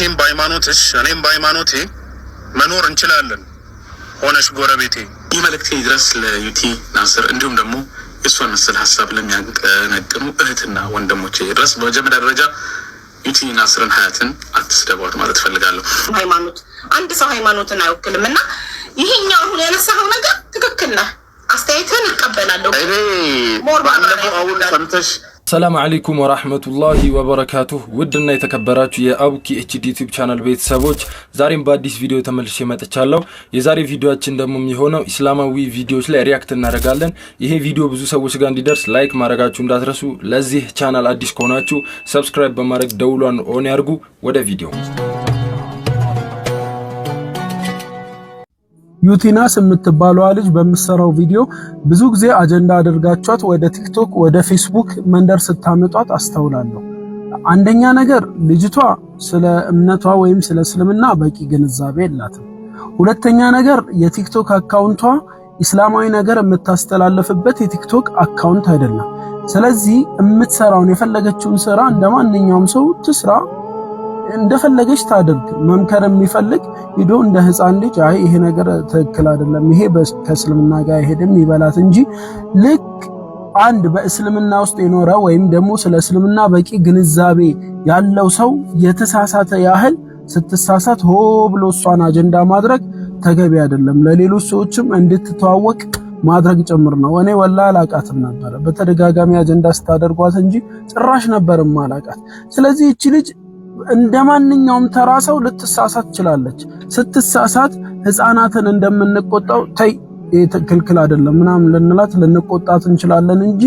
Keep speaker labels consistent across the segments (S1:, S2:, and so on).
S1: አንቺም በሃይማኖትሽ እኔም በሃይማኖቴ መኖር እንችላለን ሆነሽ ጎረቤቴ። ይህ መልእክቴ ድረስ ለዩቲ ናስር እንዲሁም ደግሞ የእሷን ምስል ሀሳብ ለሚያቀነቅኑ እህትና ወንድሞቼ ድረስ በመጀመሪያ ደረጃ ዩቲ ናስርን ሀያትን አትስደቧት ማለት እፈልጋለሁ።
S2: ሃይማኖት አንድ ሰው ሃይማኖትን አይወክልም እና ይሄኛው አሁን ያነሳኸው ነገር ትክክል ነህ። አስተያየትህን እቀበላለሁ።
S1: ባለፈው አሁን ሰምተሽ ሰላም አለይኩም ወራህመቱላሂ ወበረካቱ ውድና የተከበራችሁ የአቡኪ ኤችዲ ዩቲዩብ ቻናል ቤተሰቦች ዛሬም በአዲስ ቪዲዮ ተመልሼ መጥቻለሁ። የዛሬ ቪዲዮአችን ደግሞ የሚሆነው ኢስላማዊ ቪዲዮዎች ላይ ሪያክት እናደርጋለን። ይሄ ቪዲዮ ብዙ ሰዎች ጋር እንዲደርስ ላይክ ማድረጋችሁ እንዳትረሱ። ለዚህ ቻናል አዲስ ከሆናችሁ ሰብስክራይብ በማድረግ ደውሏን ኦን ያርጉ። ወደ ቪዲዮ ዩቲናስ የምትባለዋ ልጅ በምትሰራው ቪዲዮ ብዙ ጊዜ አጀንዳ አድርጋችኋት ወደ ቲክቶክ ወደ ፌስቡክ መንደር ስታመጧት አስተውላለሁ። አንደኛ ነገር ልጅቷ ስለ እምነቷ ወይም ስለ እስልምና በቂ ግንዛቤ የላትም። ሁለተኛ ነገር የቲክቶክ አካውንቷ ኢስላማዊ ነገር የምታስተላልፍበት የቲክቶክ አካውንት አይደለም። ስለዚህ የምትሰራውን የፈለገችውን ስራ እንደ ማንኛውም ሰው ትስራ እንደፈለገች ታድርግ። መምከር የሚፈልግ ሂዶ እንደ ህፃን ልጅ አይ ይሄ ነገር ትክክል አይደለም፣ ይሄ ከእስልምና ጋር አይሄድም ይበላት እንጂ ልክ አንድ በእስልምና ውስጥ የኖረ ወይም ደግሞ ስለ እስልምና በቂ ግንዛቤ ያለው ሰው የተሳሳተ ያህል ስትሳሳት ሆ ብሎ እሷን አጀንዳ ማድረግ ተገቢ አይደለም። ለሌሎች ሰዎችም እንድትተዋወቅ ማድረግ ጭምር ነው። እኔ ወላ አላቃትም ነበረ በተደጋጋሚ አጀንዳ ስታደርጓት እንጂ ጭራሽ ነበርም አላቃት። ስለዚህ እቺ ልጅ እንደ ማንኛውም ተራ ሰው ልትሳሳት ትችላለች። ስትሳሳት ህፃናትን እንደምንቆጣው ተይ ትክክል አይደለም ምናምን ልንላት ልንቆጣት እንችላለን እንጂ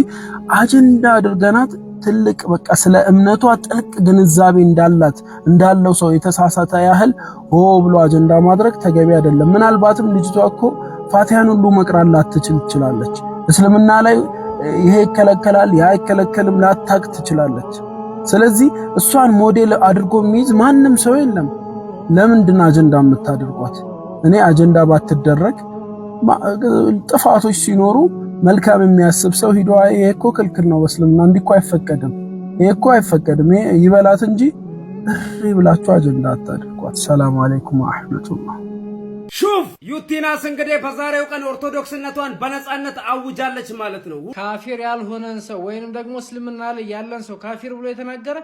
S1: አጀንዳ አድርገናት ትልቅ በቃ ስለ እምነቷ ጥልቅ ግንዛቤ እንዳላት እንዳለው ሰው የተሳሳተ ያህል ሆ ብሎ አጀንዳ ማድረግ ተገቢ አይደለም። ምናልባትም ልጅቷ እኮ ፋቲያን ሁሉ መቅራት ላትችል ትችላለች። እስልምና ላይ ይሄ ይከለከላል ያ አይከለከልም ላታቅ ትችላለች። ስለዚህ እሷን ሞዴል አድርጎ የሚይዝ ማንም ሰው የለም። ለምንድን አጀንዳ የምታደርጓት? እኔ አጀንዳ ባትደረግ ጥፋቶች ሲኖሩ መልካም የሚያስብ ሰው ሂዶ ይሄ እኮ ክልክል ነው በስልምና እንዲህ እኮ አይፈቀድም፣ ይሄ እኮ አይፈቀድም ይበላት እንጂ እሪ ብላችሁ አጀንዳ አታድርጓት። ሰላም አለይኩም ወረሕመቱላህ ሹፍ ዩቲናስ እንግዲህ በዛሬው ቀን ኦርቶዶክስነቷን በነፃነት አውጃለች ማለት ነው። ካፊር ያልሆነን ሰው ወይንም ደግሞ እስልምና ላይ ያለን ሰው ካፊር ብሎ የተናገረ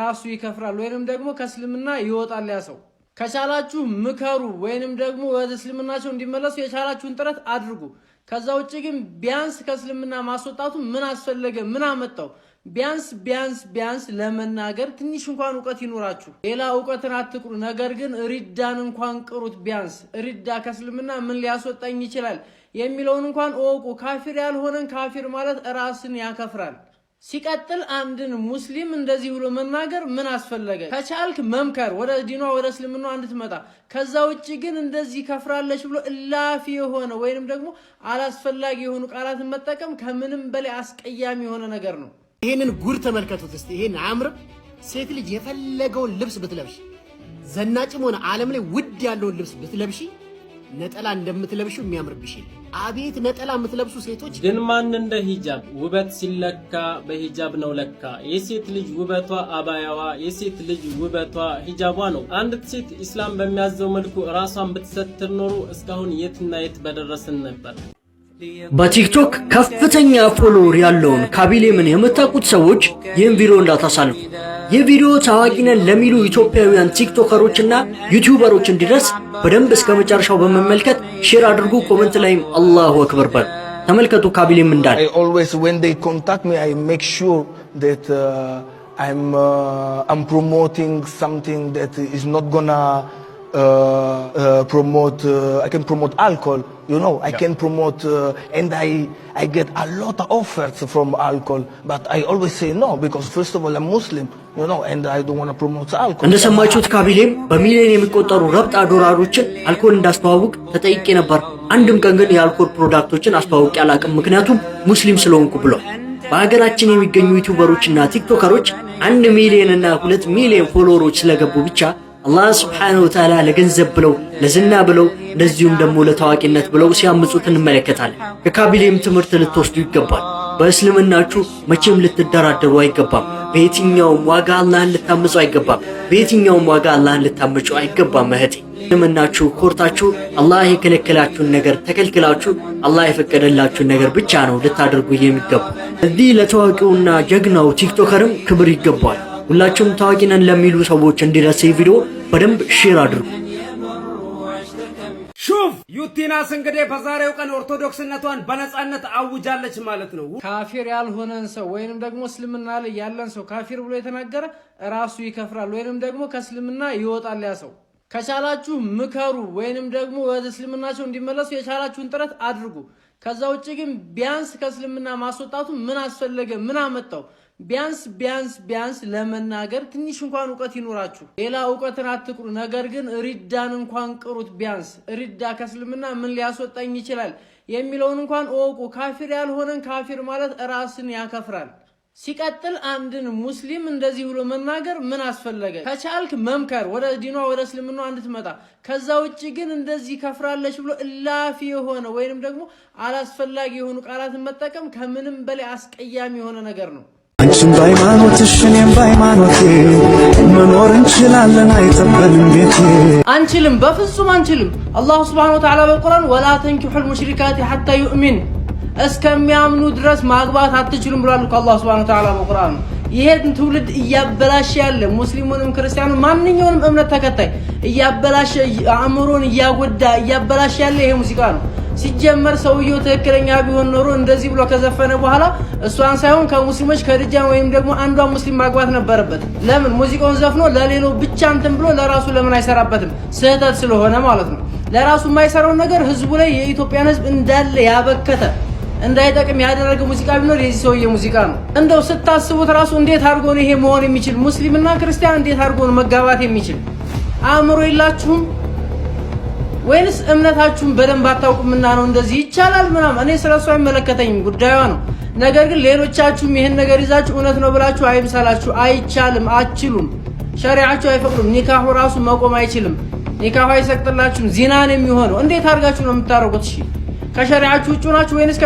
S1: ራሱ ይከፍራል ወይንም ደግሞ ከእስልምና ይወጣል ያ ሰው። ከቻላችሁ ምከሩ ወይንም ደግሞ ወደ እስልምናቸው እንዲመለሱ የቻላችሁን ጥረት አድርጉ። ከዛ ውጭ ግን ቢያንስ ከእስልምና ማስወጣቱ ምን አስፈለገ? ምን አመጣው? ቢያንስ ቢያንስ ቢያንስ ለመናገር ትንሽ እንኳን እውቀት ይኖራችሁ። ሌላ እውቀትን አትቅሩ፣ ነገር ግን ሪዳን እንኳን ቅሩት። ቢያንስ ሪዳ ከእስልምና ምን ሊያስወጣኝ ይችላል የሚለውን እንኳን እወቁ። ካፊር ያልሆነን ካፊር ማለት ራስን ያከፍራል። ሲቀጥል አንድን ሙስሊም እንደዚህ ብሎ መናገር ምን አስፈለገ? ከቻልክ መምከር ወደ ዲኗ ወደ እስልምና እንድትመጣ። ከዛ ውጭ ግን እንደዚህ ከፍራለች ብሎ እላፊ የሆነ ወይንም ደግሞ አላስፈላጊ የሆኑ ቃላትን መጠቀም ከምንም በላይ አስቀያሚ የሆነ ነገር ነው። ይሄንን ጉድ ተመልከቱት እስቲ። ይሄን አምር ሴት ልጅ የፈለገውን ልብስ ብትለብሽ ዘናጭም ሆነ ዓለም ላይ ውድ ያለውን ልብስ ብትለብሺ ነጠላ እንደምትለብሽው የሚያምርብሽ አቤት ነጠላ የምትለብሱ ሴቶች ግን ማን እንደ ሂጃብ ውበት ሲለካ በሂጃብ ነው ለካ። የሴት ልጅ ውበቷ አባያዋ፣ የሴት ልጅ ውበቷ ሂጃቧ ነው። አንዲት ሴት ኢስላም በሚያዘው መልኩ ራሷን ብትሰትር ኖሮ እስካሁን የትና የት በደረስን ነበር። በቲክቶክ ከፍተኛ ፎሎወር ያለውን ካቢሌምን የምታውቁት ሰዎች ይህን ቪዲዮ እንዳታሳልፉ። ይህ ቪዲዮ ታዋቂነን ለሚሉ ኢትዮጵያውያን ቲክቶከሮችና ዩቲዩበሮች እንዲደርስ በደንብ እስከ መጨረሻው በመመልከት ሼር አድርጉ። ኮመንት ላይም አላሁ አክበር በል። ተመልከቱ ካቢሌም እንዳለ
S3: uh, I'm uh, I'm promoting uh, promote, I can promote alcohol. You know, I yeah. can promote, uh, and I, I get a lot of offers from alcohol, but I always say no because first of all I'm Muslim. you know and I don't want to promote alcohol
S1: እንደሰማችሁት ካቢሌም በሚሊዮን የሚቆጠሩ ረብጣ ዶላሮችን አልኮል እንዳስተዋውቅ ተጠይቄ ነበር። አንድም ቀን ግን የአልኮል ፕሮዳክቶችን አስተዋውቅ ያላቅም፣ ምክንያቱም ሙስሊም ስለሆንኩ ብሏል። በሀገራችን የሚገኙ ዩቲዩበሮችና ቲክቶከሮች አንድ ሚሊዮን እና ሁለት ሚሊዮን ፎሎወሮች ስለገቡ ብቻ አላህ ስብሓነሁ ወተዓላ ለገንዘብ ብለው ለዝና ብለው እንደዚሁም ደግሞ ለታዋቂነት ብለው ሲያምፁት እንመለከታለን። ከካቢሌም ትምህርት ልትወስዱ ይገባል። በእስልምናችሁ መቼም ልትደራደሩ አይገባም። በየትኛውም ዋጋ አላህን ልታምፁ አይገባም። በየትኛውም ዋጋ አላህን ልታምጩ አይገባም። እህቴ እስልምናችሁ ኮርታችሁ አላህ የከለከላችሁን ነገር ተከልክላችሁ አላህ የፈቀደላችሁን ነገር ብቻ ነው ልታደርጉ የሚገባ። እዚህ ለታዋቂውና ጀግናው ቲክቶከርም ክብር ይገባል። ሁላችሁም ታዋቂ ነን ለሚሉ ሰዎች እንዲደርስ ቪዲዮ በደንብ ሼር አድርጉ። ሹፍ ዩቲናስ እንግዲህ በዛሬው ቀን ኦርቶዶክስነቷን በነጻነት አውጃለች ማለት ነው። ካፊር ያልሆነን ሰው ወይንም ደግሞ እስልምና ላይ ያለን ሰው ካፊር ብሎ የተናገረ ራሱ ይከፍራል ወይንም ደግሞ ከእስልምና ይወጣል ያ ሰው። ከቻላችሁ ምከሩ ወይንም ደግሞ ወደ እስልምናቸው እንዲመለሱ የቻላችሁን ጥረት አድርጉ። ከዛ ውጭ ግን ቢያንስ ከእስልምና ማስወጣቱ ምን አስፈለገ? ምን አመጣው? ቢያንስ ቢያንስ ቢያንስ ለመናገር ትንሽ እንኳን እውቀት ይኖራችሁ። ሌላ እውቀትን አትቅሩ፣ ነገር ግን ሪዳን እንኳን ቅሩት። ቢያንስ ሪዳ ከእስልምና ምን ሊያስወጣኝ ይችላል የሚለውን እንኳን እወቁ። ካፊር ያልሆነን ካፊር ማለት ራስን ያከፍራል። ሲቀጥል አንድን ሙስሊም እንደዚህ ብሎ መናገር ምን አስፈለገ? ከቻልክ መምከር ወደ ዲኗ ወደ እስልምና እንድትመጣ። ከዛ ውጭ ግን እንደዚህ ከፍራለች ብሎ እላፊ የሆነ ወይንም ደግሞ አላስፈላጊ የሆኑ ቃላትን መጠቀም ከምንም በላይ አስቀያሚ የሆነ ነገር ነው። አንቺም በሃይማኖትሽ እኔም በሃይማኖቴ መኖር እንችላለን። አይጠበንም ቤቴ አንችልም፣ በፍጹም አንችልም። አላሁ ሱብሓነሁ ወተዓላ በቁርአን ወላ ተንኪሑል ሙሽሪካት ሐታ ዩእሚን እስከሚያምኑ ድረስ ማግባት አትችሉም ብሏል እኮ አላሁ ሱብሓነሁ ወተዓላ በቁርአን። ይሄን ትውልድ እያበላሸ ያለ ሙስሊሙንም ክርስቲያኑን ማንኛውንም እምነት ተከታይ እያበላሸ አእምሮን እያጎዳ እያበላሸ ያለ ይሄ ሙዚቃ ነው። ሲጀመር ሰውየው ትክክለኛ ቢሆን ኖሮ እንደዚህ ብሎ ከዘፈነ በኋላ እሷን ሳይሆን ከሙስሊሞች ከድጃን ወይም ደግሞ አንዷ ሙስሊም ማግባት ነበረበት። ለምን ሙዚቃውን ዘፍኖ ለሌላው ብቻ እንትን ብሎ ለራሱ ለምን አይሰራበትም? ስህተት ስለሆነ ማለት ነው። ለራሱ የማይሰራውን ነገር ህዝቡ ላይ የኢትዮጵያን ህዝብ እንዳለ ያበከተ እንዳይጠቅም ያደረገ ሙዚቃ ቢኖር የዚህ ሰውዬ ሙዚቃ ነው። እንደው ስታስቡት ራሱ እንዴት አድርጎ ነው ይሄ መሆን የሚችል ሙስሊምና ክርስቲያን እንዴት አድርጎ ነው መጋባት የሚችል? አእምሮ የላችሁም? ወይንስ እምነታችሁን በደንብ አታውቁምና ነው እንደዚህ ይቻላል ምናምን? እኔ ስለ እሱ አይመለከተኝም፣ ጉዳዩ ነው። ነገር ግን ሌሎቻችሁም ይህን ነገር ይዛችሁ እውነት ነው ብላችሁ አይምሰላችሁ። አይቻልም፣ አችሉም ሸሪዓችሁ አይፈቅዱም። ኒካሁ ራሱ መቆም አይችልም። ኒካሁ አይሰቅጥላችሁም። ዚናን የሚሆነው እንዴት አድርጋችሁ ነው የምታደርጉት? እሺ ከሸሪዓችሁ ውጭ ናችሁ ወይንስ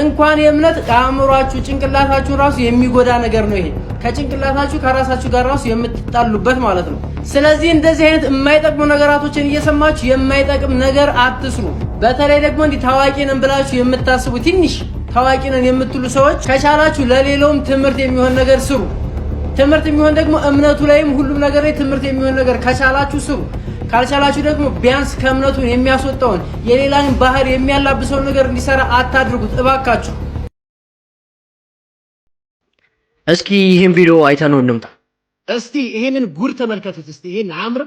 S1: እንኳን የእምነት ከአእምሯችሁ ጭንቅላታችሁ ራሱ የሚጎዳ ነገር ነው። ይሄ ከጭንቅላታችሁ ከራሳችሁ ጋር ራሱ የምትጣሉበት ማለት ነው። ስለዚህ እንደዚህ አይነት የማይጠቅሙ ነገራቶችን እየሰማችሁ የማይጠቅም ነገር አትስሩ። በተለይ ደግሞ እንዲህ ታዋቂ ነን ብላችሁ የምታስቡ ትንሽ ታዋቂ ነን የምትሉ ሰዎች ከቻላችሁ ለሌላውም ትምህርት የሚሆን ነገር ስሩ። ትምህርት የሚሆን ደግሞ እምነቱ ላይም ሁሉም ነገር ላይ ትምህርት የሚሆን ነገር ከቻላችሁ ስሩ። ካልቻላችሁ ደግሞ ቢያንስ ከእምነቱን የሚያስወጣውን የሌላን ባህር የሚያላብሰውን ነገር እንዲሰራ አታድርጉት እባካችሁ። እስኪ ይህን ቪዲዮ አይተነው እንምጣ። እስቲ ይሄንን ጉድ ተመልከቱት። እስቲ ይሄን አምር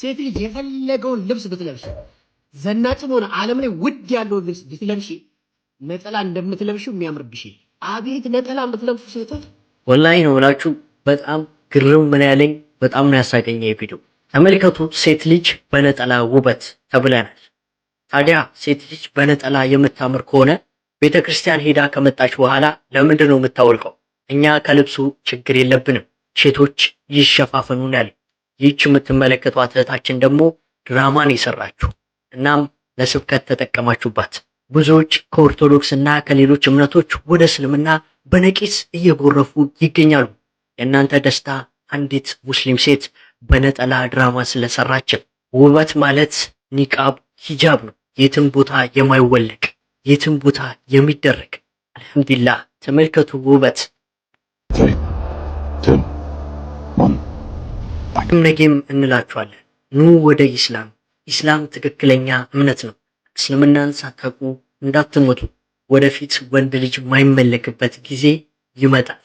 S1: ሴት ልጅ የፈለገውን ልብስ ብትለብሽ ዘናጭም ሆነ ዓለም ላይ ውድ ያለውን ልብስ ብትለብሽ ነጠላ እንደምትለብሽው የሚያምርብሽ አቤት ነጠላ የምትለብሱ ሴቶች ወላሂ ነው ምላችሁ። በጣም ግርም ምን ያለኝ በጣም ነው ያሳቀኝ ቪዲዮ። ተመልከቱ ሴት ልጅ በነጠላ ውበት ተብለናል። ታዲያ ሴት ልጅ በነጠላ የምታምር ከሆነ ቤተ ክርስቲያን ሄዳ ከመጣች በኋላ ለምንድን ነው የምታወልቀው? እኛ ከልብሱ ችግር የለብንም፣ ሴቶች ይሸፋፈኑናል። ይህች የምትመለከቷት እህታችን ደግሞ ድራማን የሰራችሁ እናም ለስብከት ተጠቀማችሁባት። ብዙዎች ከኦርቶዶክስ እና ከሌሎች እምነቶች ወደ እስልምና በነቂስ እየጎረፉ ይገኛሉ። የእናንተ ደስታ አንዲት ሙስሊም ሴት በነጠላ ድራማ ስለሰራችን። ውበት ማለት ኒቃብ፣ ሂጃብ ነው። የትም ቦታ የማይወለቅ የትም ቦታ የሚደረግ አልሐምዱላ። ተመልከቱ ውበት ም ነጌም እንላችኋለን። ኑ ወደ ኢስላም። ኢስላም ትክክለኛ እምነት ነው። እስልምናን ሳታውቁ እንዳትሞቱ። ወደፊት ወንድ ልጅ የማይመለክበት ጊዜ ይመጣል።